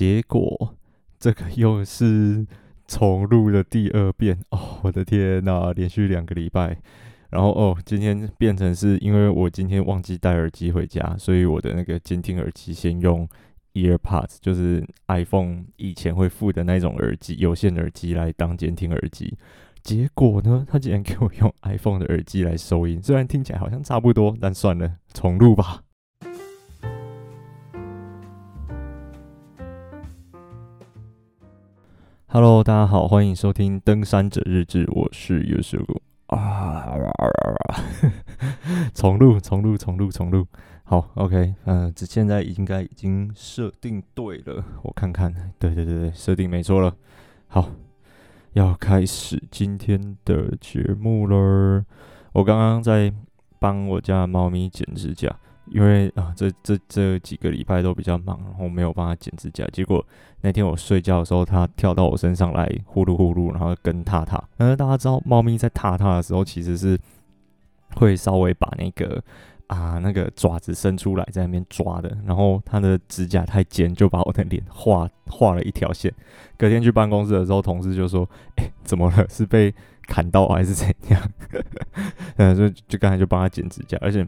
結果這個又是重錄了第二遍哦，oh, 我的天哪！啊，連續兩個禮拜，然後哦，oh, 今天變成是因為我今天忘記帶耳機回家，所以我的那個監聽耳機先用 EarPods 就是 iPhone 以前會附的那種耳機，有線耳機來當監聽耳機。結果呢，他竟然給我用 iPhone 的耳機來收音，雖然聽起來好像差不多，但算了，重錄吧。Hello，大家好，歡迎收聽《登山者日誌》，我是 Yuzo 哥啊，啊啊啊啊啊 重錄，重錄，重錄，重錄，好，OK，嗯、呃，這現在應該已經設定對了，我看看，對對對對，設定沒錯了，好，要開始今天的節目了。我剛剛在幫我家貓咪剪指甲。因為啊、呃，這這這幾個禮拜都比較忙，然後沒有幫他剪指甲。結果那天我睡覺的時候，他跳到我身上來呼嚕呼嚕，然後跟踏踏。但是大家知道，貓咪在踏踏的時候其實是會稍微把那個啊那個爪子伸出來在那邊抓的。然後他的指甲太尖，就把我的臉畫畫，畫了一條線。隔天去辦公室的時候，同事就說：“哎，怎麼了？是被砍到還是怎樣？” 嗯，所以就就剛才就幫他剪指甲，而且。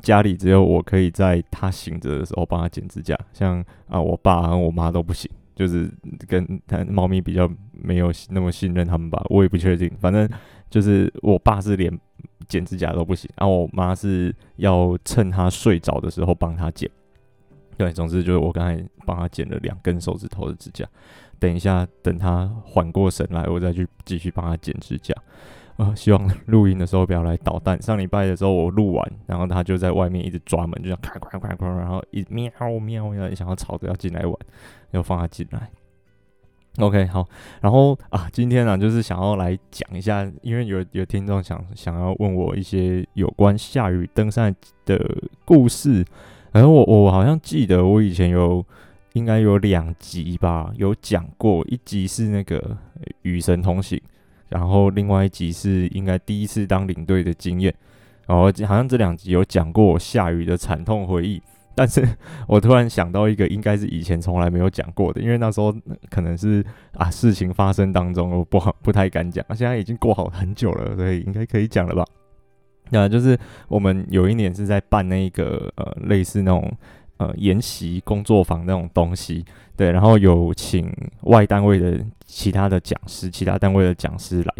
家裡只有我可以在他醒着的時候幫他剪指甲，像啊，我爸和我媽都不行，就是跟他貓咪比較沒有那麼信任他們吧，我也不確定。反正就是我爸是連剪指甲都不行，然後，啊，我媽是要趁他睡着的時候幫他剪。對，總之就是我剛才幫他剪了兩根手指頭的指甲，等一下等他緩過神來，我再去繼續幫他剪指甲。啊、呃，希望錄音的時候不要來搗蛋。上禮拜的時候我錄完，然後他就在外面一直抓門，就這樣咔咔咔咔，然後一直喵喵的，然後想要吵着要進來玩，要放他進來。OK，好，然後啊，今天呢、啊，就是想要來講一下，因為有有聽眾想想要問我一些有關下雨登山的故事，然、欸、後我我好像記得我以前有應該有兩集吧，有講過一集是那個雨、欸、神同行。然後另外一集是應該第一次當領隊的經驗，然後好像這兩集有講過下雨的慘痛回憶，但是我突然想到一個應該是以前從來沒有講過的，因為那時候可能是啊事情發生當中，我不好不太敢講、啊，現在已經過好很久了，所以應該可以講了吧？那、啊、就是我們有一年是在辦那一個呃類似那種。呃，研習工作坊那種東西，對，然後有請外單位的其他的講師，其他單位的講師來。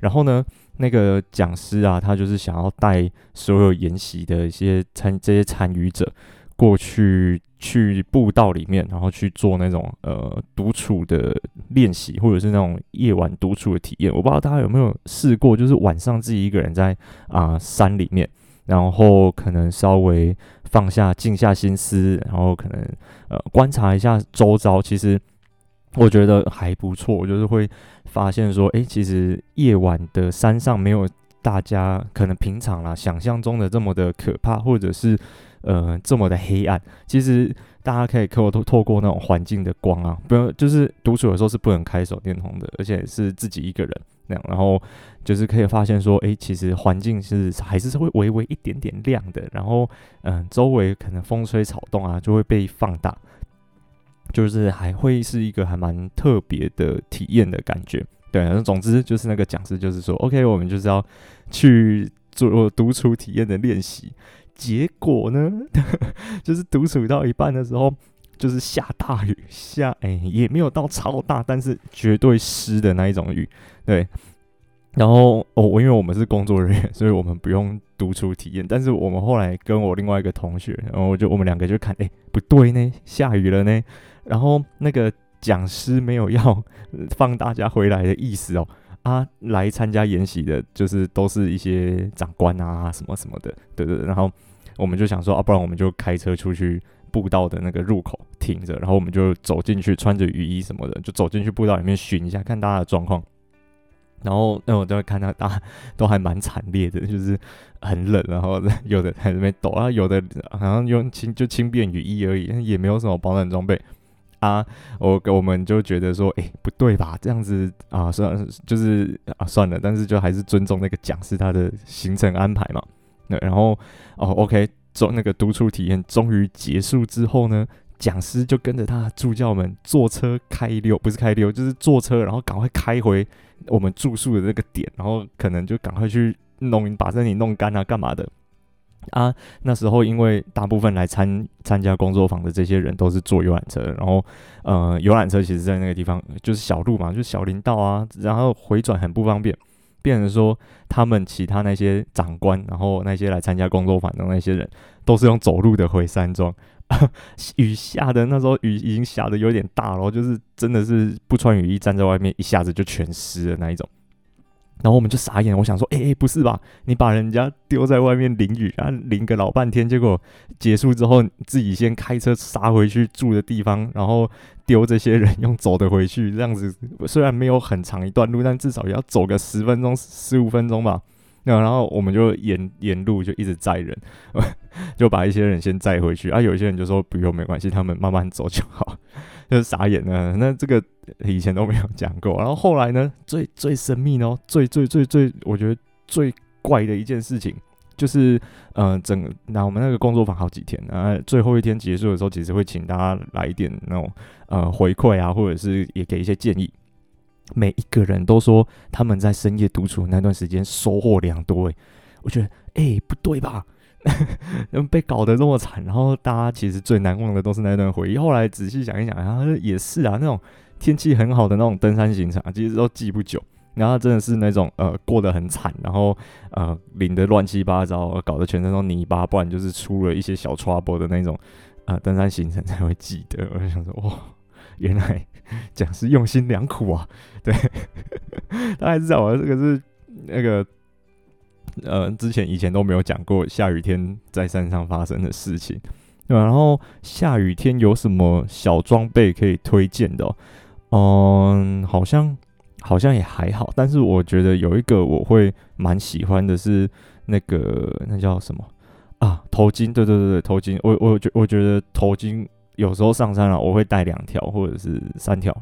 然後呢，那個講師啊，他就是想要帶所有研習的一些參這些參與者過去去步道裡面，然後去做那種呃獨處的練習，或者是那種夜晚獨處的體驗。我不知道大家有沒有試過，就是晚上自己一個人在啊、呃、山裡面。然後可能稍微放下，靜下心思，然後可能呃觀察一下周遭。其實我覺得還不錯，就是會發現說，誒，其實夜晚的山上沒有大家可能平常啦想象中的這麼的可怕，或者是呃這麼的黑暗。其實大家可以透過透過那種環境的光啊，不用，就是獨處的時候是不能開手電筒的，而且是自己一個人。那樣，然後就是可以發現說，誒，其實環境是還是會微微一點點亮的，然後嗯、呃，周圍可能風吹草動啊就會被放大，就是還會是一個還蠻特別的體驗的感覺。對，總之就是那個講師就是說，OK，我們就是要去做獨處體驗的練習。結果呢， 就是獨處到一半的時候。就是下大雨，下、哎、欸、也沒有到超大，但是絕對濕的那一種雨，對。然後哦，我因為我們是工作人員，所以我們不用獨處體驗。但是我們後來跟我另外一個同學，然後就我們兩個就看，哎、欸，不對呢，下雨了呢。然後那個講師沒有要放大家回來的意思哦。啊，來參加演習的，就是都是一些長官啊什麼什麼的，對，對對。然後我們就想說，啊，不然我們就開車出去。步道的那個入口停着，然後我們就走進去，穿着雨衣什麼的就走進去步道裡面巡一下，看大家的狀況。然後那、呃、我就會看到大家都還蠻慘烈的，就是很冷，然後有的還在那邊抖啊，有的好像用輕就輕便雨衣而已，也沒有什麼保暖裝備啊。我我們就覺得說，哎、欸，不對吧？這樣子啊，雖然就是啊，算了，但是就還是尊重那個講師他的行程安排嘛。對，然後哦，OK。做那個獨處體驗終於結束之後呢，講師就跟着他助教們坐車開溜，不是開溜，就是坐車，然後趕快開回我們住宿的那個點，然後可能就趕快去弄，把這裡弄乾啊，幹嘛的啊，那時候因為大部分來參參加工作坊的這些人都是坐遊覽車，然後呃，遊覽車其實在那個地方就是小路嘛，就是小林道啊，然後回轉很不方便。變成說他們其他那些長官，然後那些來參加工作坊的那些人，都是用走路的回山莊。 雨下的那時候，雨已經下的有點大了，就是真的是不穿雨衣站在外面，一下子就全濕了那一種。然後我們就傻眼，我想說，哎、欸、不是吧？你把人家丟在外面淋雨，然後淋個老半天，結果結束之後自己先開車殺回去住的地方，然後丟這些人用走的回去，這樣子雖然沒有很長一段路，但至少也要走個十分鐘、十五分鐘吧。那然後我們就沿沿路就一直載人呵呵，就把一些人先載回去，啊，有些人就說不用沒關係，他們慢慢走就好。就是傻眼了，那這個以前都沒有講過。然後後來呢，最最神秘哦，最最最最，我覺得最怪的一件事情，就是呃，整那、啊、我們那個工作坊好幾天，然、啊、後最後一天結束的時候，其實會請大家來一點那種呃回饋啊，或者是也給一些建議。每一個人都說他們在深夜獨處那段時間收穫良多、欸，誒，我覺得誒、欸、不對吧？ 被搞得那麼慘，然後大家其實最難忘的都是那段回憶。後來仔細想一想，然後也是啊，那種天氣很好的那種登山行程，啊，其實都記不久。然後真的是那種呃過得很慘，然後呃淋得亂七八糟，搞得全身都泥巴，不然就是出了一些小 trouble 的那種呃登山行程才會記得。我就想說，哇，原來講師用心良苦啊！對，大 家知道我這個是那個。呃，之前以前都沒有講過下雨天在山上發生的事情，對啊。然後下雨天有什麼小裝備可以推薦的哦？嗯，好像好像也還好，但是我覺得有一個我會蠻喜歡的是那個那叫什麼啊？頭巾，對對對對，頭巾。我我，我覺我覺得頭巾有時候上山了啊，我會帶兩條或者是三條，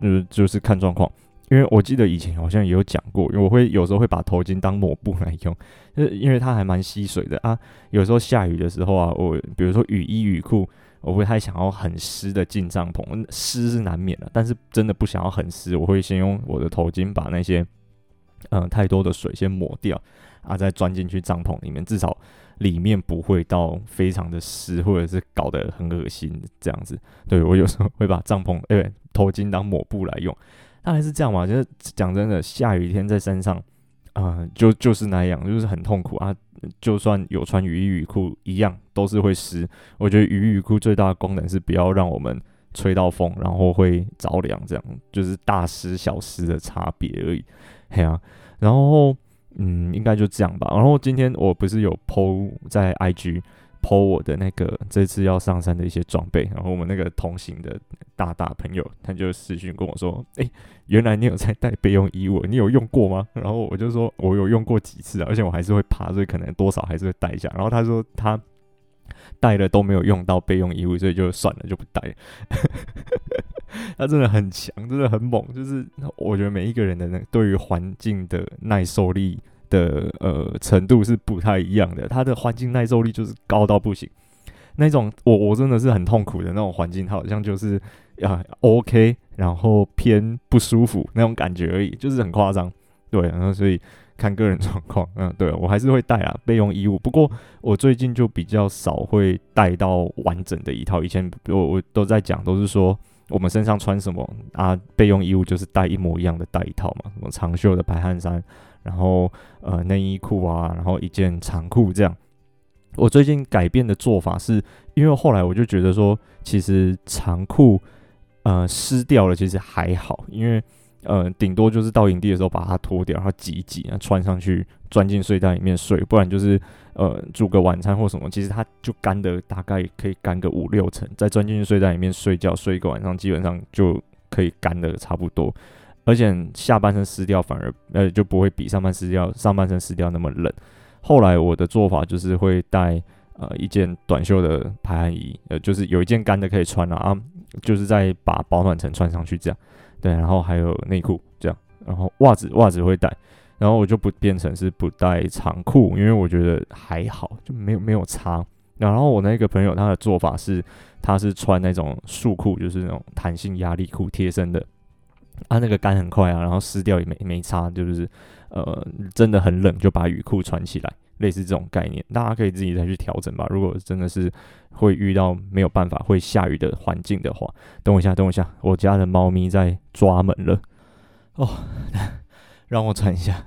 就就是看狀況。因為我記得以前好像也有講過，因為我會有時候會把頭巾當抹布來用，就是因為它還蠻吸水的啊。有時候下雨的時候啊，我比如說雨衣雨褲，我不太想要很濕的進帳篷，濕是難免的，但是真的不想要很濕，我會先用我的頭巾把那些嗯、呃、太多的水先抹掉啊，再鑽進去帳篷裡面，至少裡面不會到非常的濕或者是搞得很惡心這樣子。對，我有時候會把帳篷哎、欸、頭巾當抹布來用。大概是這樣吧，就是講真的，下雨天在山上，啊、呃，就就是那樣，就是很痛苦啊。就算有穿雨衣雨褲一樣，都是會濕。我覺得雨衣雨褲最大的功能是不要讓我們吹到風，然後會着涼，這樣就是大濕小濕的差別而已，嘿啊。然後，嗯，應該就這樣吧。然後今天我不是有 PO 在 IG。剖我的那個這次要上山的一些裝備，然後我們那個同行的大大朋友，他就私訊跟我說：“誒、欸，原來你有在帶備用衣物，你有用過嗎？”然後我就說：“我有用過幾次啊，而且我還是會爬，所以可能多少還是會帶一下。”然後他說：“他帶了都沒有用到備用衣物，所以就算了，就不帶了。 ”他真的很強，真的很猛，就是我覺得每一個人的那對於環境的耐受力。的呃程度是不太一樣的，它的環境耐受力就是高到不行。那種我我真的是很痛苦的那種環境，它好像就是啊 OK，然後偏不舒服那種感覺而已，就是很誇張。對啊，然後所以看個人狀況，嗯，啊，對啊，我還是會帶啊備用衣物。不過我最近就比較少會帶到完整的一套，以前我我都在講，都是說我們身上穿什麼啊備用衣物就是帶一模一樣的帶一套嘛，什麼長袖的排汗衫。然後，呃，內衣褲啊，然後一件長褲這樣。我最近改變的做法是，因為後來我就覺得說，其實長褲，呃，濕掉了其實還好，因為，呃，頂多就是到營地的時候把它脫掉，然後擠一擠，然後穿上去，鑽進睡袋裡面睡。不然就是，呃，煮個晚餐或什麼，其實它就乾的，大概可以乾個五六成，再鑽進去睡袋裡面睡覺，睡一個晚上，基本上就可以乾的差不多。而且下半身濕掉反而呃就不會比上半濕掉上半身濕掉那麼冷。後來我的做法就是會帶呃一件短袖的排汗衣，呃就是有一件乾的可以穿了啊，啊，就是再把保暖層穿上去這樣。對，然後還有內褲這樣，然後襪子襪子會帶，然後我就不變成是不帶長褲，因為我覺得還好，就沒有沒有差。然後我那個朋友他的做法是他是穿那種束褲，就是那種彈性壓力褲貼身的。它、啊、那個乾很快啊，然後濕掉也沒沒差，就是呃，真的很冷，就把雨褲穿起來，類似這種概念，大家可以自己再去調整吧。如果真的是會遇到沒有辦法會下雨的環境的話，等我一下，等我一下，我家的貓咪在抓門了哦，讓我穿一下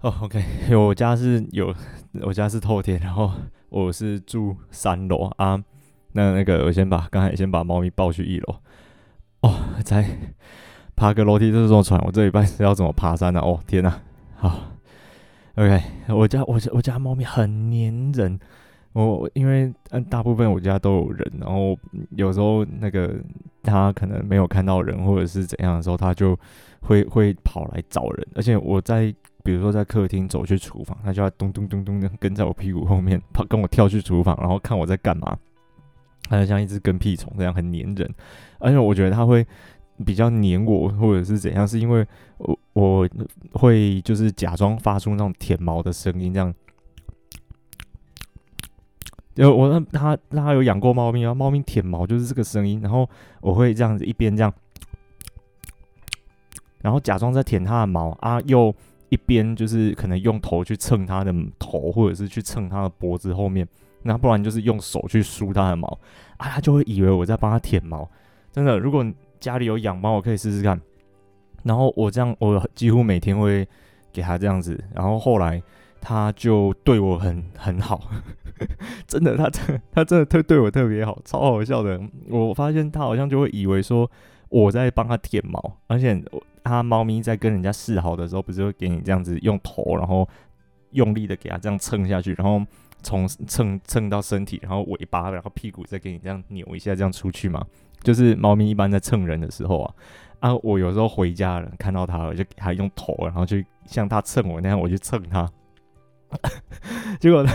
哦，OK，我家是有，我家是透天，然後我是住三樓啊，那那個我先把剛才先把貓咪抱去一樓。哦，才，爬個樓梯就是這麼喘，我這禮拜是要怎麼爬山呢？哦，天吶，好，OK，我家我我家貓咪很粘人，我因為嗯大部分我家都有人，然後有時候那個它可能沒有看到人或者是怎樣的時候，它就會會跑來找人，而且我在比如說在客廳走去廚房，它就要咚咚咚咚的跟在我屁股後面跑，跟我跳去廚房，然後看我在幹嘛。它就像一隻跟屁蟲這樣，很粘人，而、哎、且我覺得它會比較粘我或者是怎樣，是因為我我會就是假裝發出那種舔毛的聲音，這樣。有我讓它他，他有養過貓咪，然後貓咪舔毛就是這個聲音，然後我會這樣子一邊這樣，然後假裝在舔它的毛啊，又一邊就是可能用頭去蹭它的頭，或者是去蹭它的脖子後面。那不然就是用手去梳它的毛，啊，它就會以為我在幫它舔毛。真的，如果家裡有養貓，我可以試試看。然後我這樣，我幾乎每天會給它這樣子。然後後來它就對我很很好， 真的，它真的，它真的特對，對我特別好，超好笑的。我發現它好像就會以為說我在幫它舔毛，而且它貓咪在跟人家示好的時候，不是會給你這樣子用頭，然後用力的給它這樣蹭下去，然後。從蹭蹭到身體，然後尾巴，然後屁股，再給你這樣扭一下，這樣出去嘛？就是貓咪一般在蹭人的時候啊，啊，我有時候回家了，看到它，我就還用頭，然後去像它蹭我那樣我就，我去蹭它，結果它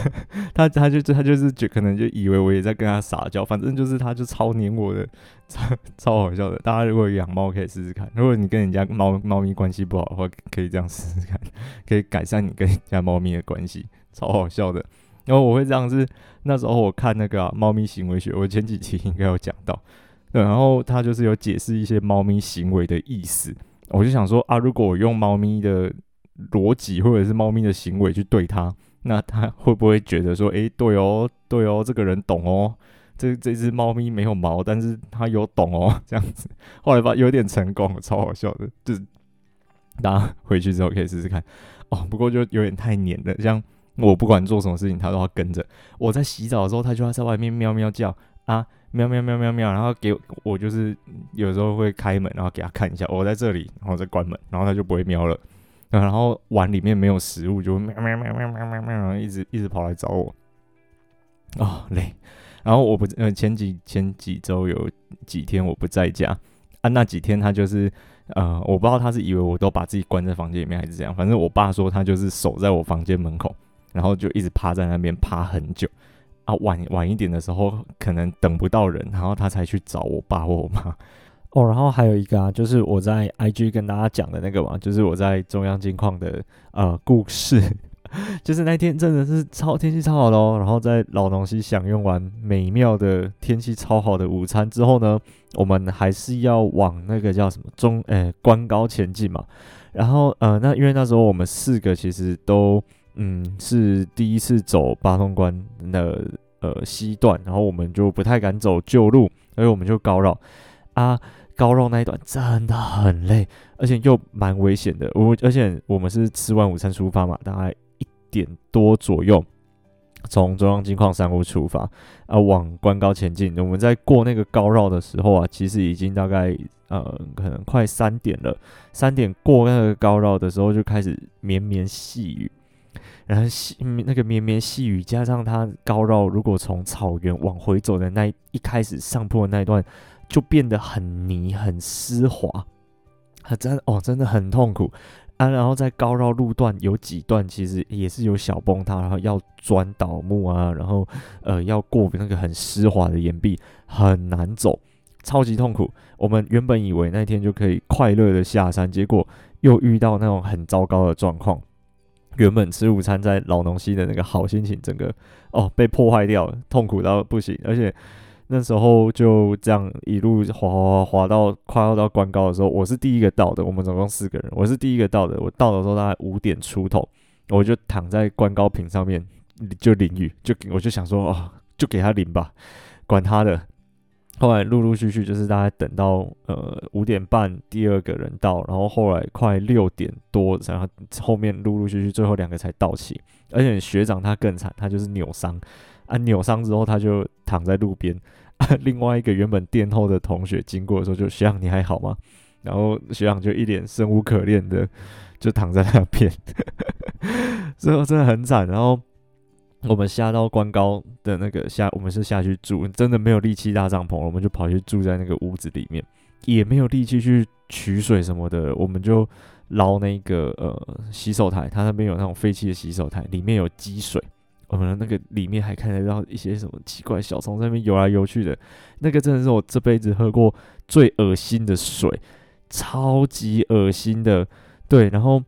它它就它就是覺可能就以為我也在跟它撒嬌，反正就是它就超粘我的，超超好笑的。大家如果有養貓可以試試看，如果你跟人家貓貓咪關係不好的話，可以這樣試試看，可以改善你跟人家貓咪的關係，超好笑的。然、哦、後我會這樣子，那時候我看那個、啊《貓咪行為學》，我前幾期應該有講到。對，然後他就是有解釋一些貓咪行為的意思。我就想說啊，如果我用貓咪的邏輯或者是貓咪的行為去對它，那它會不會覺得說，哎、欸，對哦，對哦，這個人懂哦，這這隻貓咪沒有毛，但是它有懂哦，這樣子。後來吧，有點成功，超好笑的。就是大家回去之後可以試試看哦，不過就有點太黏了，像。我不管做什麼事情，它都要跟着。我在洗澡的時候，它就要在外面喵喵叫啊，喵喵喵喵喵。然後給我，我就是有時候會開門，然後給它看一下，我，哦，在這裡，然後再關門，然後它就不會喵了，啊。然後碗裡面沒有食物，就喵喵喵喵喵喵喵，然後一直一直跑來找我。哦，累。然後我不，呃，前幾前幾周有幾天我不在家啊，那幾天它就是，呃，我不知道它是以為我都把自己關在房間裡面還是怎樣。反正我爸說他就是守在我房間門口。然後就一直趴在那邊趴很久，啊晚，晚晚一點的時候可能等不到人，然後他才去找我爸或我媽。哦，然後還有一個啊，就是我在 IG 跟大家講的那個嘛，就是我在中央金礦的呃故事，就是那天真的是超天氣超好嘍，哦。然後在荖濃溪享用完美妙的天氣超好的午餐之後呢，我們還是要往那個叫什麼中呃，關高前進嘛。然後呃，那因為那時候我們四個其實都。嗯，是第一次走八通關的、那個、呃西段，然後我們就不太敢走舊路，所以我們就高繞啊。高繞那一段真的很累，而且又蠻危險的。我而且我們是吃完午餐出發嘛，大概一點多左右從中央金礦山屋出發啊，往觀高前進。我們在過那個高繞的時候啊，其實已經大概呃可能快三點了。三點過那個高繞的時候，就開始綿綿細雨。然後細那個綿綿細雨，加上它高繞，如果從草原往回走的那一，一開始上坡的那一段，就變得很泥、很濕滑，啊，真哦，真的很痛苦啊！然後在高繞路段有幾段其實也是有小崩塌，然後要鑽倒木啊，然後呃要過那個很濕滑的岩壁，很難走，超級痛苦。我們原本以為那天就可以快樂的下山，結果又遇到那種很糟糕的狀況。原本吃午餐在荖濃溪的那個好心情，整個哦被破壞掉了，痛苦到不行。而且那時候就這樣一路滑滑滑滑到快要到，到觀高的時候，我是第一個到的。我們總共四個人，我是第一個到的。我到的時候大概五點出頭，我就躺在觀高坪上面就淋雨，就我就想說哦，就給他淋吧，管他的。後來陸陸續續就是大概等到呃五點半，第二個人到，然後後來快六點多，然後後面陸陸續續最後兩個才到齊，而且學長他更慘，他就是扭傷啊，扭傷之後他就躺在路邊，啊，另外一個原本殿後的同學經過的時候就，學長你還好嗎？然後學長就一臉生無可戀的就躺在那邊，最 後真的很慘，然後。我們下到關高的那個下，我們是下去住，真的沒有力氣搭帳篷了，我們就跑去住在那個屋子裡面，也沒有力氣去取水什麼的，我們就撈那個呃洗手台，它那邊有那種廢棄的洗手台，裡面有積水，我們的那個裡面還看得到一些什麼奇怪小蟲在那邊游來游去的，那個真的是我這輩子喝過最惡心的水，超級惡心的，對，然後。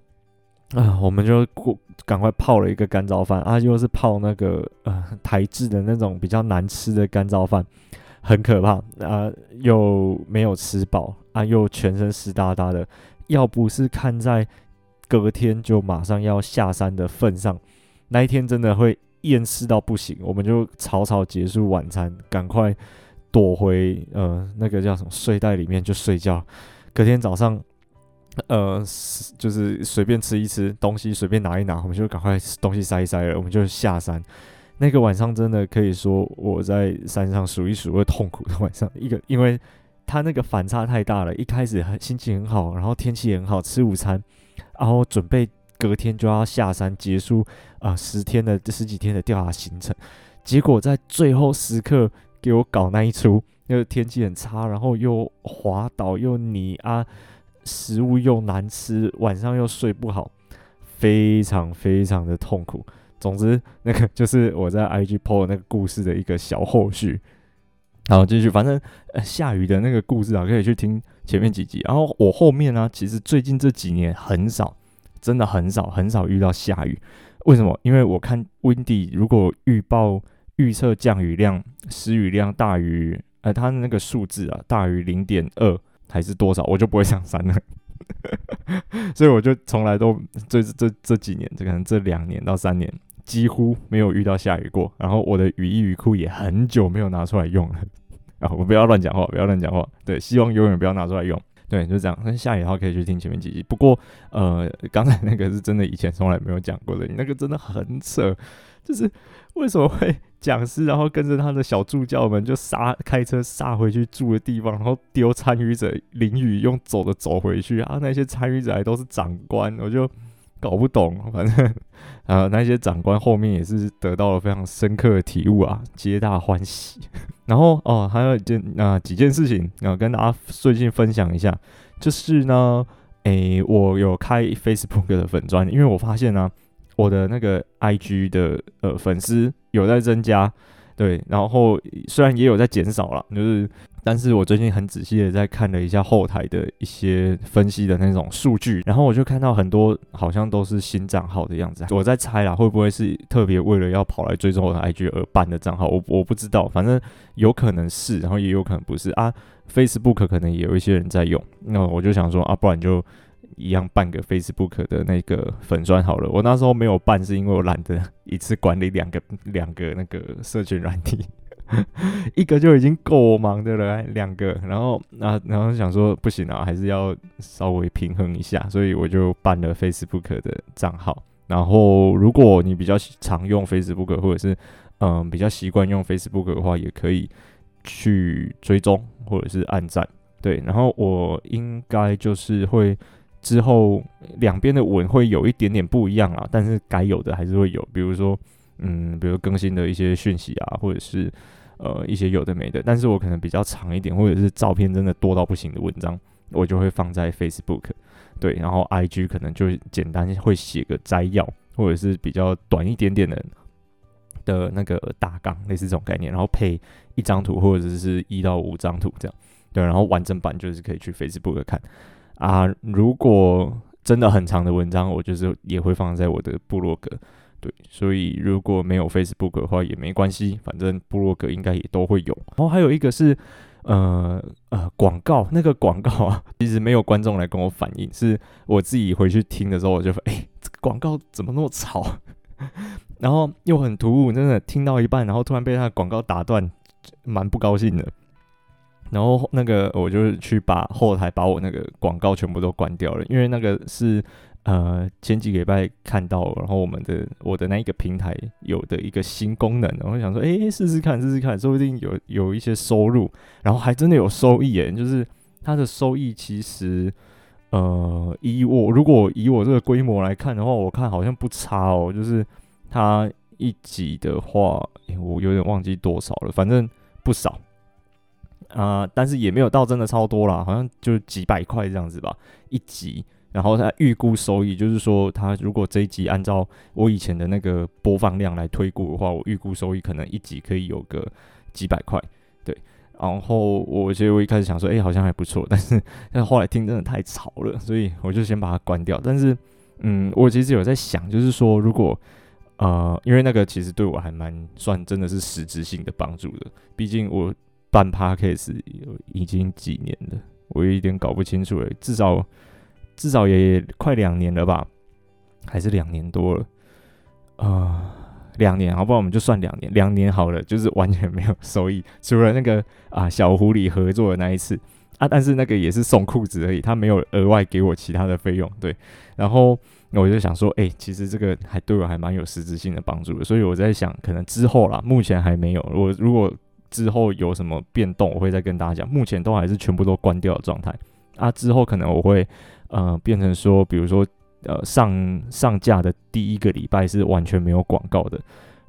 啊、呃，我們就過趕快泡了一個乾燥飯啊，又是泡那個呃台製的那種比較難吃的乾燥飯，很可怕啊、呃，又沒有吃飽啊，又全身濕噠噠的，要不是看在隔天就馬上要下山的份上，那一天真的會厭世到不行，我們就草草結束晚餐，趕快躲回呃那個叫什麼睡袋裡面就睡覺，隔天早上。呃，是就是隨便吃一吃東西，隨便拿一拿，我們就趕快東西塞一塞了，我們就下山。那個晚上真的可以說我在山上數一數二痛苦的晚上，一個，因為他那個反差太大了。一開始很心情很好，然後天氣很好，吃午餐，然後準備隔天就要下山結束啊、呃、十天的十幾天的調查行程，結果在最後時刻給我搞那一出，那個天氣很差，然後又滑倒又泥啊。食物又難吃，晚上又睡不好，非常非常的痛苦。總之，那個就是我在 IG po 那個故事的一個小後續。好，繼續，反正、呃、下雨的那個故事啊，可以去聽前面幾集。然後我後面呢、啊，其實最近這幾年很少，真的很少很少遇到下雨。為什麼？因為我看 Windy 如果預報預測降雨量，時雨量大於呃它的那個數字啊，大於零點二。還是多少，我就不會上山了， 所以我就從來都這這這，這幾年，可能這兩年到三年幾乎沒有遇到下雨過，然後我的雨衣雨褲也很久沒有拿出來用了啊！我不要亂講話，不要亂講話，對，希望永遠不要拿出來用。對，就這樣。那下雨的話可以去聽前面幾集。不過，呃，剛才那個是真的以前從來沒有講過的，你那個真的很扯。就是為什麼會講師然後跟着他的小助教們就殺開車殺回去住的地方，然後丟參與者淋雨用走的走回去啊？那些參與者還都是長官，我就。搞不懂，反正呃、啊，那些長官後面也是得到了非常深刻的體悟啊，皆大歡喜。然後哦、啊，還有一件那、啊、幾件事情，然、啊，跟大家最近分享一下，就是呢，誒、欸，我有開 Facebook 的粉專，因為我發現呢、啊，我的那個 IG 的呃粉絲有在增加，對，然後雖然也有在減少了，就是。但是我最近很仔細的在看了一下後台的一些分析的那種數據，然後我就看到很多好像都是新賬號的樣子，我在猜啦，會不會是特別為了要跑來追蹤我的 IG 而辦的賬號？我我不知道，反正有可能是，然後也有可能不是啊。Facebook 可能也有一些人在用，那我就想說，啊，不然就一樣辦個 Facebook 的那個粉專好了。我那時候沒有辦，是因為我懶得一次管理兩個兩個那個社群軟體。 一個就已經夠忙的了，兩個，然後那、啊、然後想說不行啊，還是要稍微平衡一下，所以我就辦了 Facebook 的賬號。然後如果你比較常用 Facebook，或者是嗯比較習慣用 Facebook 的話，也可以去追蹤或者是按讚。對，然後我應該就是會之後兩邊的文會有一點點不一樣啊，但是該有的還是會有，比如說。嗯，比如更新的一些訊息啊，或者是呃一些有的沒的，但是我可能比較長一點，或者是照片真的多到不行的文章，我就會放在 Facebook。對，然後 IG 可能就簡單會寫個摘要，或者是比較短一點點的的那個大綱，類似這種概念，然後配一張圖，或者是一到五張圖這樣。對，然後完整版就是可以去 Facebook 看。啊，如果真的很長的文章，我就是也會放在我的部落格。對，所以如果沒有 Facebook 的話也沒關係，反正部落格應該也都會有。然後還有一個是，呃呃，廣告那個廣告啊，其實沒有觀眾來跟我反映，是我自己回去聽的時候，我就說哎，這個廣告怎麼那麼吵？然後又很突兀，真的聽到一半，然後突然被他的廣告打斷，蠻不高興的。然後那個我就去把後台把我那個廣告全部都關掉了，因為那個是。呃，前幾個禮拜看到，然後我們的我的那一個平台有的一個新功能，我想說，哎，試試看，試試看，說不定有有一些收入，然後還真的有收益耶。就是它的收益其實，呃，以我如果以我這個規模來看的話，我看好像不差哦。就是它一集的話，我有點忘記多少了，反正不少，啊，呃，但是也沒有到真的超多啦，好像就幾百塊這樣子吧，一集。然後他預估收益，就是說，他如果這一集按照我以前的那個播放量來推估的話，我預估收益可能一集可以有個幾百塊。對，然後我其實我一開始想說，哎、欸，好像還不錯，但是但是後來聽真的太吵了，所以我就先把它關掉。但是，嗯，我其實有在想，就是說，如果呃，因為那個其實對我還蠻算真的是實質性的幫助的，畢竟我辦 podcast 有已經幾年了，我有一點搞不清楚誒，至少。至少也快兩年了吧，還是兩年多了，啊、呃，兩年，好不好？我們就算兩年，兩年好了，就是完全沒有收益，除了那個啊小狐狸合作的那一次啊，但是那個也是送褲子而已，他沒有額外給我其他的費用，對。然後我就想說，哎、欸，其實這個還對我還蠻有實質性的幫助的，所以我在想，可能之後啦，目前還沒有。我如果之後有什麼變動，我會再跟大家講。目前都還是全部都關掉的狀態。啊，之後可能我會，呃，變成說，比如說，呃，上上架的第一個禮拜是完全沒有廣告的，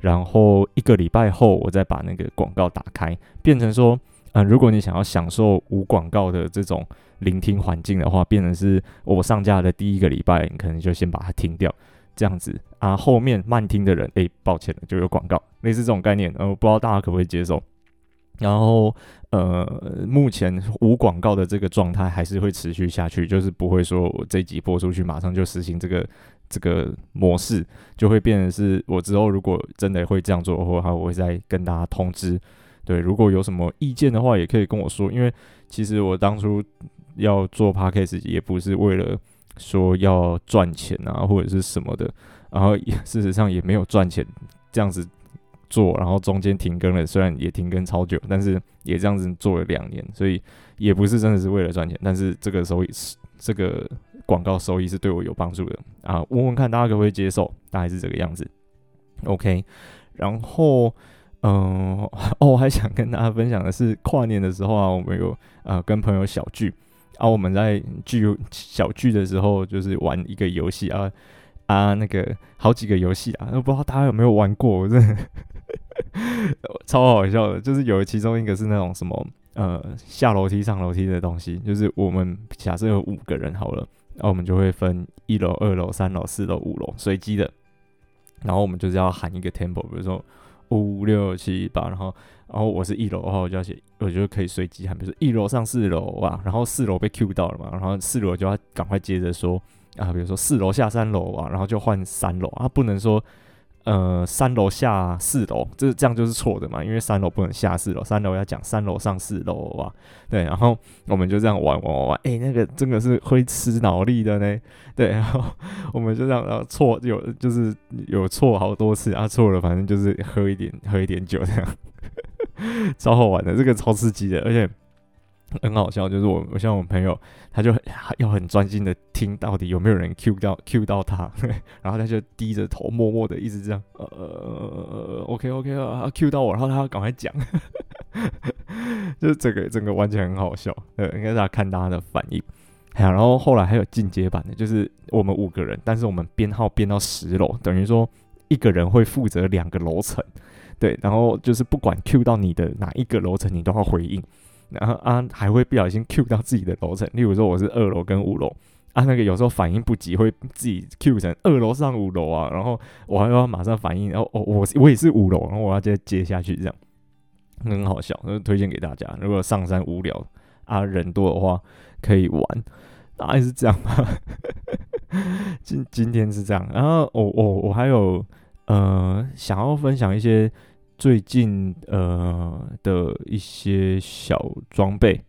然後一個禮拜後，我再把那個廣告打開，變成說，嗯、呃，如果你想要享受無廣告的這種聆聽環境的話，變成是，我上架的第一個禮拜，你可能就先把它聽掉，這樣子，啊，後面慢聽的人，哎、欸，抱歉了，就有廣告，類似這種概念，呃，我不知道大家可不可以接受。然後，呃，目前無廣告的這個狀態還是會持續下去，就是不會說我這一集播出去馬上就實行這個這個模式，就會變成是我之後如果真的會這樣做的話，我會再跟大家通知。對，如果有什麼意見的話，也可以跟我說，因為其實我當初要做 podcast 也不是為了說要賺錢啊或者是什麼的，然後事實上也沒有賺錢，這樣子。做，然後中間停更了，雖然也停更超久，但是也這樣子做了兩年，所以也不是真的是為了賺錢，但是這個收益，這個廣告收益是對我有幫助的啊。問問看大家可不可以接受，大概是這個樣子。OK，然後，嗯、呃，哦，我還想跟大家分享的是，跨年的時候啊，我們有呃跟朋友小聚啊，我們在聚小聚的時候，就是玩一個遊戲啊。啊，那個好幾個遊戲啊，都不知道大家有沒有玩過，我真的呵呵超好笑的，就是有其中一個是那種什麼呃下樓梯上樓梯的東西，就是我們假設有五個人好了，然後我們就會分一樓、二樓、三樓、四樓、五樓隨機的，然後我們就是要喊一個 tempo，比如說五六七八，然後然後我是一樓的話，我就要寫我就可以隨機喊，比如說一樓上四樓啊，然後四樓被 Q 到了嘛，然後四樓就要趕快接着說。啊，比如說四樓下三樓啊，然後就換三樓啊，不能說呃三樓下四樓，這這樣就是錯的嘛，因為三樓不能下四樓，三樓要講三樓上四樓哇。對，然後我們就這樣玩玩玩玩，哎、欸，那個真的是會吃腦力的呢。對，然後我們就這樣，然後錯有就是有錯好多次啊，錯了反正就是喝一點喝一點酒這樣，超好玩的，這個超刺激的，而且。很好笑，就是我，我像我朋友，他就很要很專心的聽到底有沒有人 Q 到 Q 到他，然後他就低着頭默默的一直這樣，呃呃呃呃，OK OK 啊，他 Q 到我，然後他要趕快講， 就是這個整個完全很好笑，呃，應該是大家看大家的反應，啊，然後後來還有進階版的，就是我們五個人，但是我們編號編到十樓，等於說一個人會負責兩個樓層，對，然後就是不管 Q 到你的哪一個樓層，你都要回應。然後啊，還會不小心 Q 到自己的樓層。例如說，我是二樓跟五樓啊，那個有時候反應不及，會自己 Q 成二樓上五樓啊。然後我還要馬上反應，然後、哦、我我我也是五樓，然後我要接接下去這樣，很好笑。就是、推薦給大家，如果上山無聊啊，人多的話可以玩，大概是這樣吧。今 今天是這樣。然後我我、哦哦、我還有嗯、呃、想要分享一些。最近呃的一些小裝備，誒、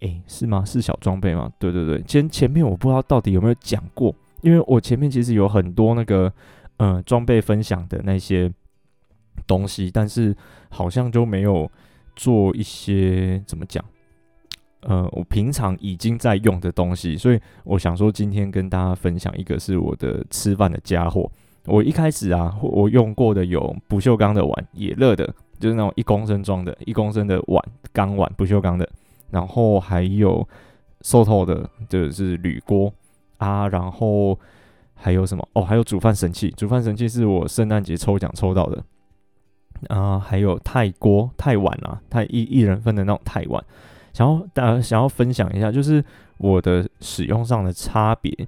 欸，是嗎？是小裝備嗎？對對對，前前面我不知道到底有沒有講過，因為我前面其實有很多那個呃裝備分享的那些東西，但是好像就沒有做一些怎麼講，呃，我平常已經在用的東西，所以我想說今天跟大家分享一個是我的吃飯的傢伙。我一開始啊，我用過的有不鏽鋼的碗，野樂的，就是那種一公升裝的，一公升的碗，鋼碗，不鏽鋼的。然後還有 SOTO 的，就是鋁鍋啊。然後還有什麼？哦，還有煮飯神器，煮飯神器是我聖誕節抽獎抽到的。啊，還有鈦鍋、鈦碗啊，鈦一一人份的那種鈦碗。然後，呃，想要分享一下，就是我的使用上的差別。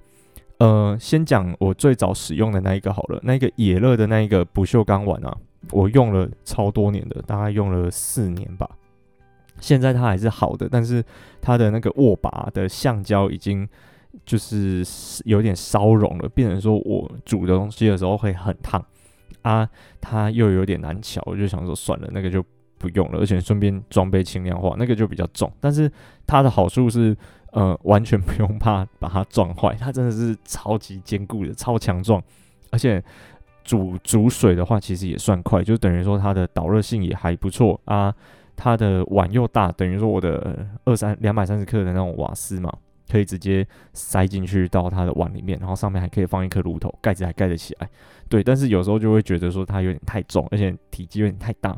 呃，先講我最早使用的那一個好了，那個野樂的那一個不鏽鋼碗啊，我用了超多年的，大概用了四年吧，現在它還是好的，但是它的那個握把的橡膠已經就是有點燒融了，變成說我煮的東西的時候會很燙啊，它又有點難喬，我就想說算了，那個就不用了，而且順便裝備輕量化，那個就比較重，但是它的好處是。呃，完全不用怕把它撞壞，它真的是超級堅固的，超強壯，而且煮煮水的話其實也算快，就等於說它的導熱性也還不錯啊。它的碗又大，等於說我的二三，兩百三十克的那種瓦斯嘛，可以直接塞進去到它的碗裡面，然後上面還可以放一顆爐頭，蓋子還蓋得起來。對，但是有時候就會覺得說它有點太重，而且體積有點太大。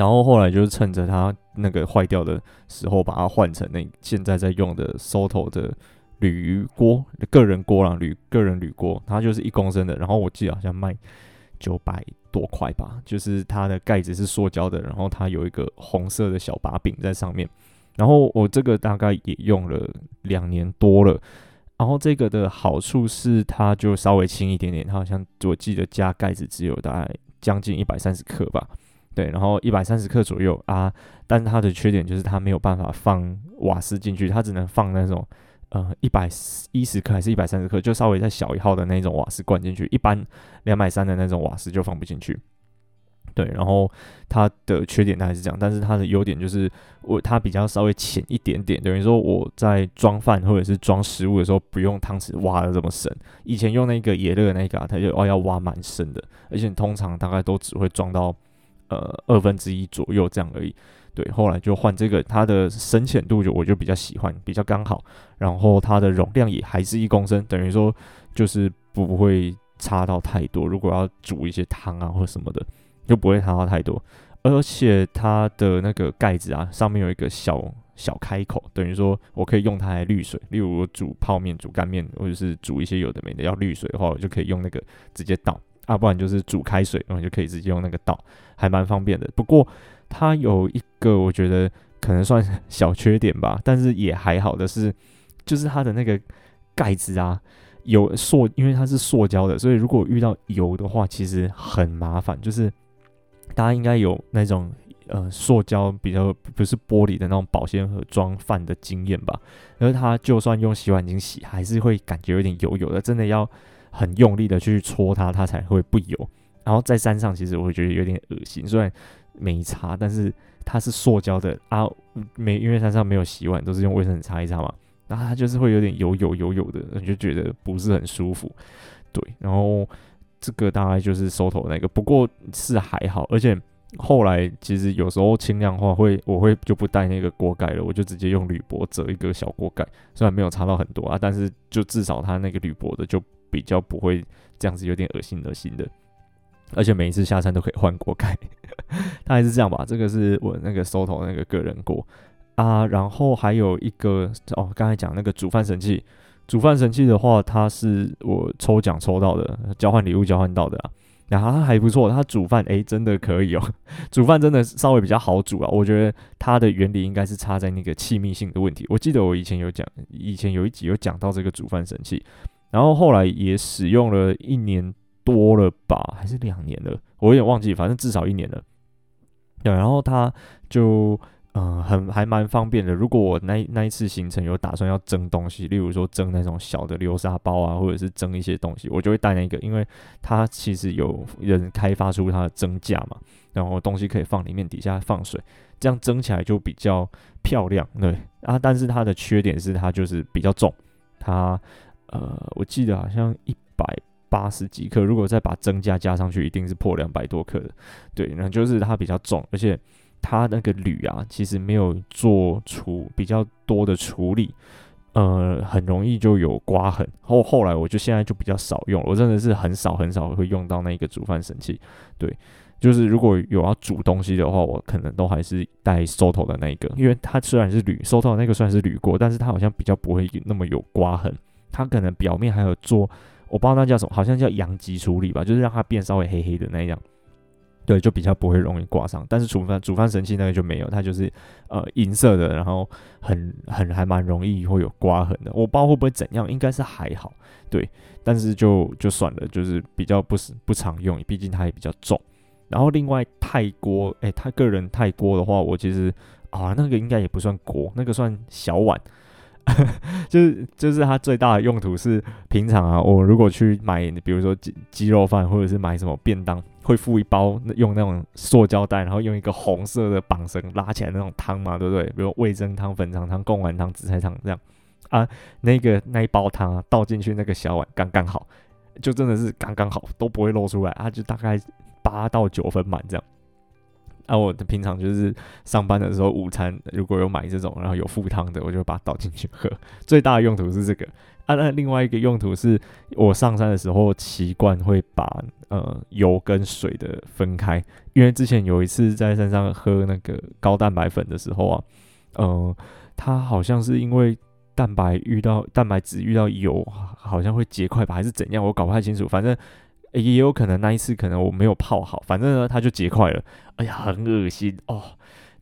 然後後來就是趁着它那個壞掉的時候，把它換成那現在在用的 SOTO 的鋁鍋，個人鍋啦鋁個人鋁鍋，它就是一公升的。然後我記得好像賣九百多塊吧，就是它的蓋子是塑膠的，然後它有一個紅色的小把柄在上面。然後我這個大概也用了兩年多了。然後這個的好處是它就稍微輕一點點，它好像我記得加蓋子只有大概將近一百三十克吧。對，然後一百三十克左右啊，但是它的缺點就是它沒有辦法放瓦斯進去，它只能放那種呃一百一十克還是一百三十克，就稍微再小一號的那種瓦斯罐進去。一般兩百三的那種瓦斯就放不進去。對，然後它的缺點大概是這樣，但是它的優點就是我它比較稍微淺一點點，等於說我在裝飯或者是裝食物的時候不用湯匙挖的這麼深。以前用那個野樂那個，它就哦要挖蠻深的，而且你通常大概都只會裝到。呃，二分之一左右這樣而已。對，後來就換這個，它的深淺度我就我就比較喜歡，比較剛好。然後它的容量也還是一公升，等於說就是不會差到太多。如果要煮一些湯啊或什麼的，就不會差到太多。而且它的那個蓋子啊，上面有一個小小開口，等於說我可以用它來濾水。例如我煮泡麵、煮乾麵，或者是煮一些有的沒的要濾水的話，我就可以用那個直接倒。啊，不然就是煮開水，然後、嗯、你就可以直接用那個倒，還蠻方便的。不過它有一個我覺得可能算小缺點吧，但是也還好的是，就是它的那個蓋子啊，有塑，因為它是塑膠的，所以如果遇到油的話，其實很麻煩。就是大家應該有那種呃塑膠比較不是玻璃的那種保鮮盒裝飯的經驗吧，而它就算用洗碗精洗，還是會感覺有點油油的，真的要。很用力的去搓它，它才會不油。然後在山上，其實我會覺得有點噁心，雖然沒擦，但是它是塑膠的啊。沒因為山上沒有洗碗，都是用衛生紙擦一擦嘛。然後它就是會有點油油油油的，你就覺得不是很舒服。對，然後這個大概就是收頭那個，不過是還好。而且後來其實有時候輕量化會，我會就不帶那個鍋蓋了，我就直接用鋁箔折一個小鍋蓋。雖然沒有擦到很多啊，但是就至少它那個鋁箔的就。比較不會這樣子，有點噁心噁心的，而且每一次下山都可以換鍋蓋，他還是這樣吧。這個是我那個 SOTO 那個個人鍋啊，然後還有一個哦，剛才講那個煮飯神器，煮飯神器的話，它是我抽獎抽到的，交換禮物交換到的啊，然後它還不錯，它煮飯哎真的可以哦，煮飯真的稍微比較好煮啊，我覺得它的原理應該是差在那個氣密性的問題。我記得我以前有講，以前有一集有講到這個煮飯神器。然後後來也使用了一年多了吧，還是兩年了，我有點忘記，反正至少一年了。對，然後它就嗯，很還蠻方便的。如果我那那一次行程有打算要蒸東西，例如說蒸那種小的流沙包啊，或者是蒸一些東西，我就會帶那個，因為它其實有人開發出它的蒸架嘛，然後東西可以放裡面，底下放水，這樣蒸起來就比較漂亮。對啊，但是它的缺點是它就是比較重，它。呃，我記得好像一百八十幾克，如果再把增加加上去，一定是破兩百多克的。對，那就是它比較重，而且它那個鋁啊，其實沒有做出比較多的處理，呃，很容易就有刮痕。後後來我就現在就比較少用，我真的是很少很少會用到那個煮飯神器。對，就是如果有要煮東西的話，我可能都還是帶收頭的那個，因為它雖然是鋁，收頭的那個算是鋁鍋，但是它好像比較不會那麼有刮痕。它可能表面還有做，我不知道那叫什麼，好像叫陽極處理吧，就是讓它變稍微黑黑的那樣，對，就比較不會容易刮傷。但是煮飯煮飯神器那個就沒有，它就是呃銀色的，然後很很還蠻容易會有刮痕的。我不知道會不會怎樣，應該是還好，對。但是就就算了，就是比較不是不常用，畢竟它也比較重。然後另外鈦鍋，哎、欸，它個人鈦鍋的話，我其實啊那個應該也不算鍋，那個算小碗。 就是就是它最大的用途是平常啊，我如果去買，比如說雞雞肉飯，或者是買什麼便當，會附一包，用那種塑膠袋，然後用一個紅色的綁繩拉起來那種湯嘛，對不對？比如味噌湯、粉腸湯、貢丸湯、紫菜湯這樣啊，那個那一包湯啊，倒進去那個小碗剛剛好，就真的是剛剛好，都不會漏出來啊，就大概八到九分滿這樣。啊，我平常就是上班的時候，午餐如果有買這種，然後有附湯的，我就把它倒進去喝。最大的用途是這個。啊，那另外一個用途是我上山的時候習慣會把呃油跟水的分開，因為之前有一次在山上喝那個高蛋白粉的時候啊，嗯、呃，它好像是因為蛋白遇到蛋白質遇到油，好像會結塊吧，還是怎樣，我搞不太清楚。反正。欸、也有可能那一次可能我沒有泡好，反正呢，它就結塊了。哎呀，很噁心哦！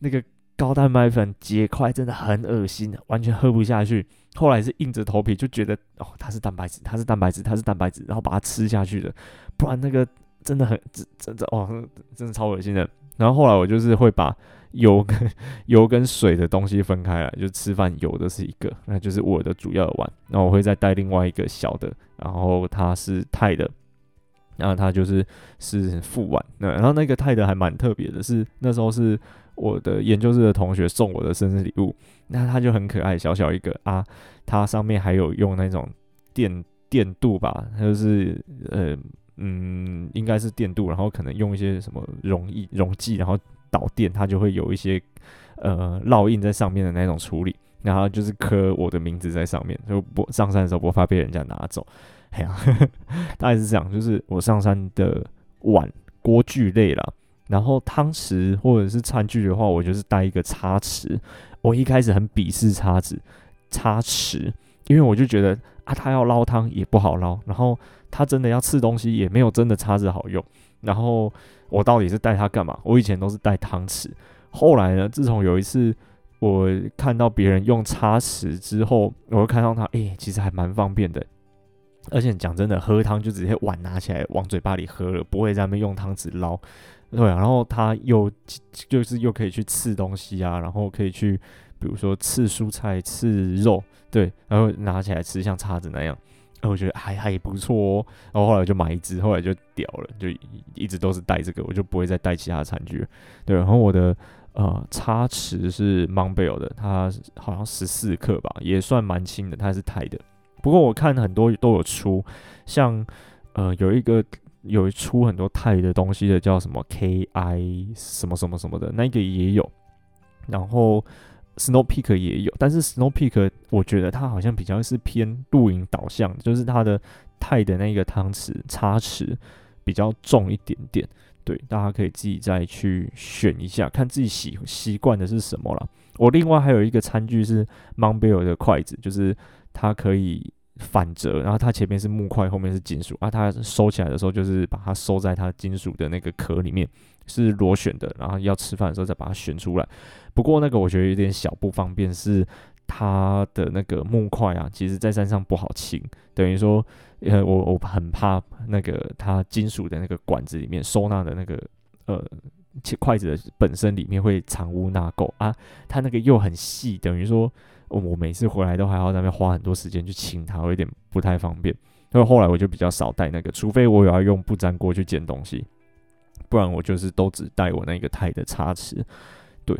那個高蛋白粉結塊真的很噁心，完全喝不下去。後來是硬着頭皮就覺得哦，它是蛋白質，它是蛋白質，它是蛋白質，然後把它吃下去的。不然那個真的很真的哦，那個、真的超噁心的。然後後來我就是會把油跟油跟水的東西分開來，就吃飯油的是一個，那就是我的主要的碗。然後我會再帶另外一個小的，然後它是鈦的。然、啊、後他就是是副碗，那然後那個泰德還蠻特別的是，是那時候是我的研究室的同學送我的生日禮物，那它就很可愛，小小一個啊，它上面還有用那種電電鍍吧，它就是呃嗯應該是電鍍，然後可能用一些什麼溶液溶劑，然後導電，它就會有一些呃烙印在上面的那種處理，然後就是刻我的名字在上面，就不上山的時候不怕被人家拿走。哎呀，呵呵，大概是這樣，就是我上山的碗、鍋具類啦，然後湯匙或者是餐具的話，我就是帶一個叉匙。我一開始很鄙視叉子，叉匙，因為我就覺得啊，他要撈湯也不好撈，然後他真的要吃東西也沒有真的叉子好用。然後我到底是帶它幹嘛？我以前都是帶湯匙，後來呢，自從有一次我看到別人用叉匙之後，我就看到他，哎、欸，其實還蠻方便的。而且講真的，喝湯就直接碗拿起來往嘴巴裡喝了，不會在那邊用湯匙撈，對、啊。然後他又就是又可以去吃東西啊，然後可以去，比如說吃蔬菜、吃肉，對。然後拿起來吃像叉子那樣，然後我覺得還還不錯哦、喔。然後後來就買一支，後來就掉了，就一直都是帶這個，我就不會再帶其他的餐具。對，然後我的呃叉匙是 Montbell 的，它好像十四克吧，也算蠻輕的，它是鈦的。不過我看很多都有出，像，呃，有一個有一出很多鈦的東西的，叫什麼 KI 什麼什麼什麼的，那個也有。然後 Snow Peak 也有，但是 Snow Peak 我覺得它好像比較是偏露營導向，就是它的鈦的那個湯匙叉匙比較重一點點。對，大家可以自己再去選一下，看自己喜歡習慣的是什麼了。我另外還有一個餐具是 Montbell 的筷子，就是。它可以反折，然後它前面是木塊，後面是金屬啊。它收起來的時候就是把它收在它金屬的那個殼裡面，是螺旋的。然後要吃飯的時候再把它旋出來。不過那個我覺得有點小不方便，是它的那個木塊啊，其實在山上不好清。等於說，我我很怕那個它金屬的那個管子裡面收納的那個呃，筷子的本身裡面會藏污納垢啊。它那個又很細，等於說。我每次回來都還要在那邊花很多時間去清它，我有點不太方便。所以後來我就比較少帶那個，除非我有要用不粘鍋去煎東西，不然我就是都只帶我那個鈦的叉匙。對，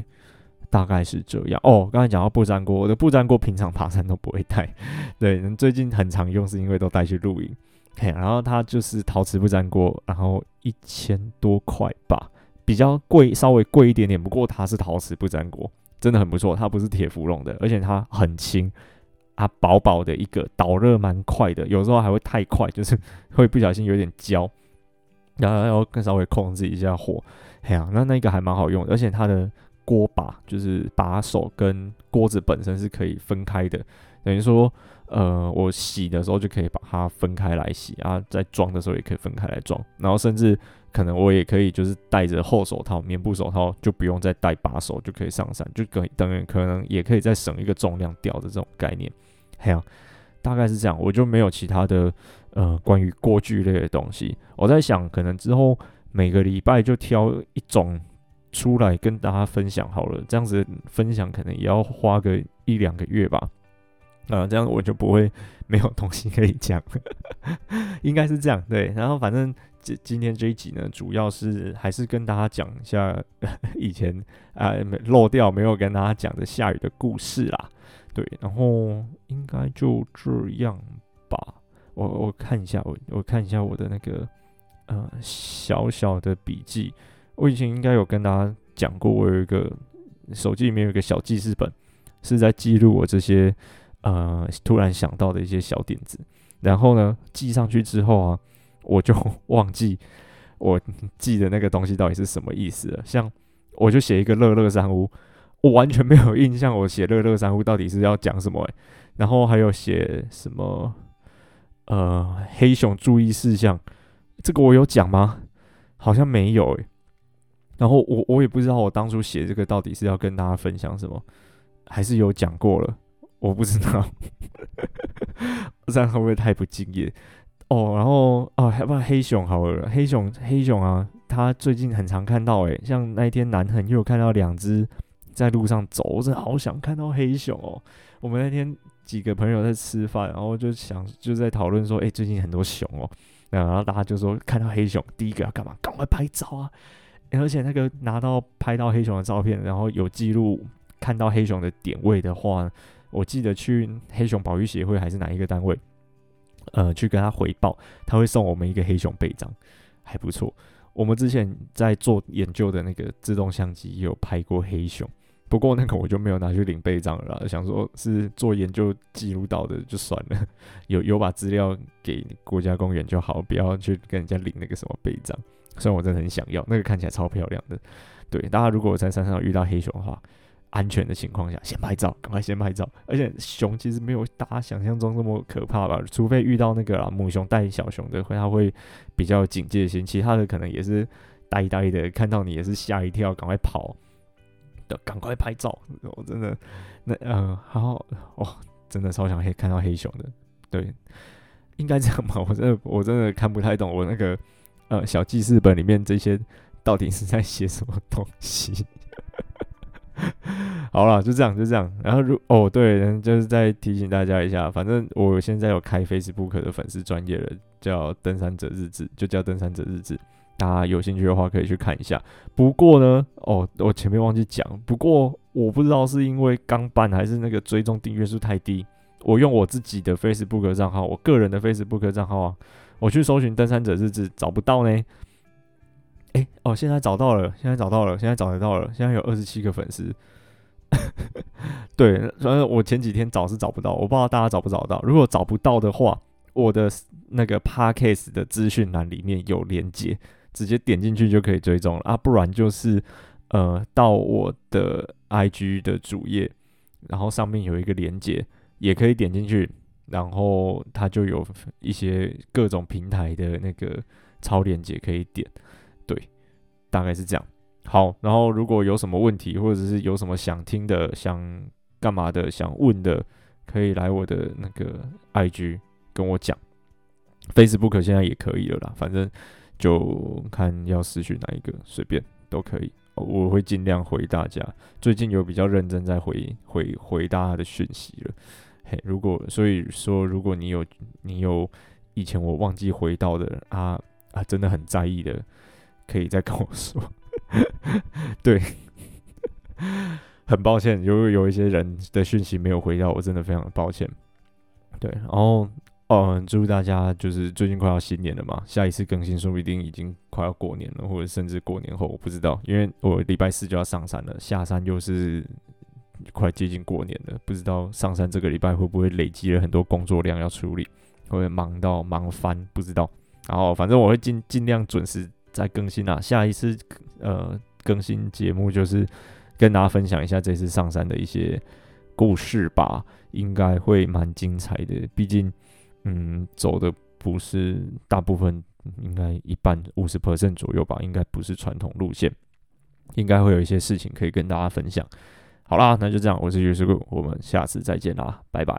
大概是這樣。哦，剛才講到不粘鍋，我的不粘鍋平常爬山都不會帶。對，最近很常用是因為都帶去露營。嘿，然後它就是陶瓷不粘鍋，然後一千多塊吧，比較貴，稍微貴一點點，不過它是陶瓷不粘鍋。真的很不錯，它不是鐵氟龍的，而且它很輕，它薄薄的一個，導熱蠻快的，有時候還會太快，就是會不小心有點焦，然後要更稍微控制一下火。嘿呀、啊，那那個還蠻好用的，而且它的鍋把就是把手跟鍋子本身是可以分開的，等於說，呃，我洗的時候就可以把它分開來洗啊，然後在裝的時候也可以分開來裝，然後甚至。可能我也可以，就是戴着厚手套、棉布手套，就不用再戴把手就可以上山，就可等於可能也可以再省一個重量掉的這種概念，嘿、啊、大概是這樣。我就沒有其他的呃關於鍋具類的東西。我在想，可能之後每個禮拜就挑一種出來跟大家分享好了，這樣子分享可能也要花個一兩個月吧。啊、呃，這樣我就不會沒有東西可以講， 應該是這樣對。然後反正。今天這一集呢，主要是還是跟大家講一下呵呵以前啊，呃，漏掉沒有跟大家講的下雨的故事啦。對，然後應該就這樣吧。我我看一下，我我看一下我的那個呃小小的筆記。我以前應該有跟大家講過，我有一個手機裡面有一個小記事本，是在記錄我這些呃突然想到的一些小點子。然後呢，記上去之後啊。我就忘記，我記得那個東西到底是什麼意思了。像我就寫一個“樂樂山屋”，我完全沒有印象。我寫“樂樂山屋”到底是要講什麼、欸？然後還有寫什麼？呃，黑熊注意事項，這個我有講嗎？好像沒有、欸、然後我我也不知道，我當初寫這個到底是要跟大家分享什麼，還是有講過了？我不知道， 這樣會不會太不敬業？哦，然後啊，還不黑熊好黑熊黑熊啊，他最近很常看到哎、欸，像那一天南橫又看到兩只在路上走，我真的好想看到黑熊哦。我們那天幾個朋友在吃飯，然後就想就在討論說，哎、欸，最近很多熊哦，然後大家就說看到黑熊第一個要幹嘛？趕快拍照啊、欸！而且那個拿到拍到黑熊的照片，然後有記錄看到黑熊的點位的話，我記得去黑熊保育協會還是哪一個單位。呃，去跟他回報，他會送我們一個黑熊背章，還不錯。我們之前在做研究的那個自動相機也有拍過黑熊，不過那個我就沒有拿去領背章了，想說是做研究記錄到的就算了。有有把資料給國家公園就好，不要去跟人家領那個什麼背章。雖然我真的很想要，那個看起來超漂亮的。對，大家如果在山上遇到黑熊的話，安全的情況下，先拍照，趕快先拍照。而且熊其實沒有大家想象中那麼可怕吧，除非遇到那個啦，母熊帶小熊的，會，它會比較警戒心，其他的可能也是呆呆的，看到你也是嚇一跳，趕快跑，對，趕快拍照。我真的，那呃，好哦，真的超想黑看到黑熊的，對，應該這樣吧？我真的我真的看不太懂我那個呃小記事本裡面這些到底是在寫什麼東西。好了，就這樣，就這樣。然後，如，哦，對、嗯，就是再提醒大家一下，反正我現在有開 Facebook 的粉絲專頁了，叫《登山者日志》，就叫《登山者日志》。大家有興趣的話，可以去看一下。不過呢，哦，我前面忘記講。不過我不知道是因為剛辦還是那個追蹤訂閱數太低，我用我自己的 Facebook 賬號，我個人的 Facebook 賬號啊，我去搜尋《登山者日志》，找不到呢。誒哦，現在找到了，現在找到了，現在找得到了，現在有二十七個粉絲。 對，反正我前幾天找是找不到，我不知道大家找不找到。如果找不到的話，我的那個 Podcast 的資訊欄裡面有連接，直接點進去就可以追蹤了啊。不然就是呃，到我的 IG 的主頁，然後上面有一個連接，也可以點進去，然後它就有一些各種平台的那個超鏈接可以點。對，大概是這樣。好，然後如果有什麼問題，或者是有什麼想聽的、想幹嘛的、想問的，可以來我的那個 IG 跟我講。Facebook 現在也可以了啦，反正就看要私訊哪一個，隨便都可以，哦。我會盡量回大家。最近有比較認真在回回回答他的訊息了。嘿，如果所以說，如果你有你有以前我忘記回到的啊啊，真的很在意的，可以再跟我說。 對， 很抱歉，有有一些人的訊息沒有回到，我真的非常的抱歉。對，然後，嗯，祝大家就是最近快要新年了嘛，下一次更新說不定已經快要過年了，或者甚至過年後，我不知道，因為我禮拜四就要上山了，下山又是快接近過年了，不知道上山這個禮拜會不會累積了很多工作量要處理，會，會忙到忙翻，不知道。然後反正我會盡盡量準時。再更新啦，啊，下一次，呃，更新節目就是跟大家分享一下這次上山的一些故事吧，應該會蠻精彩的。畢竟，嗯，走的不是大部分，應該一半五十 percent 左右吧，應該不是傳統路線，應該會有一些事情可以跟大家分享。好啦，那就這樣，我是爵師傅，我們下次再見啦，拜拜。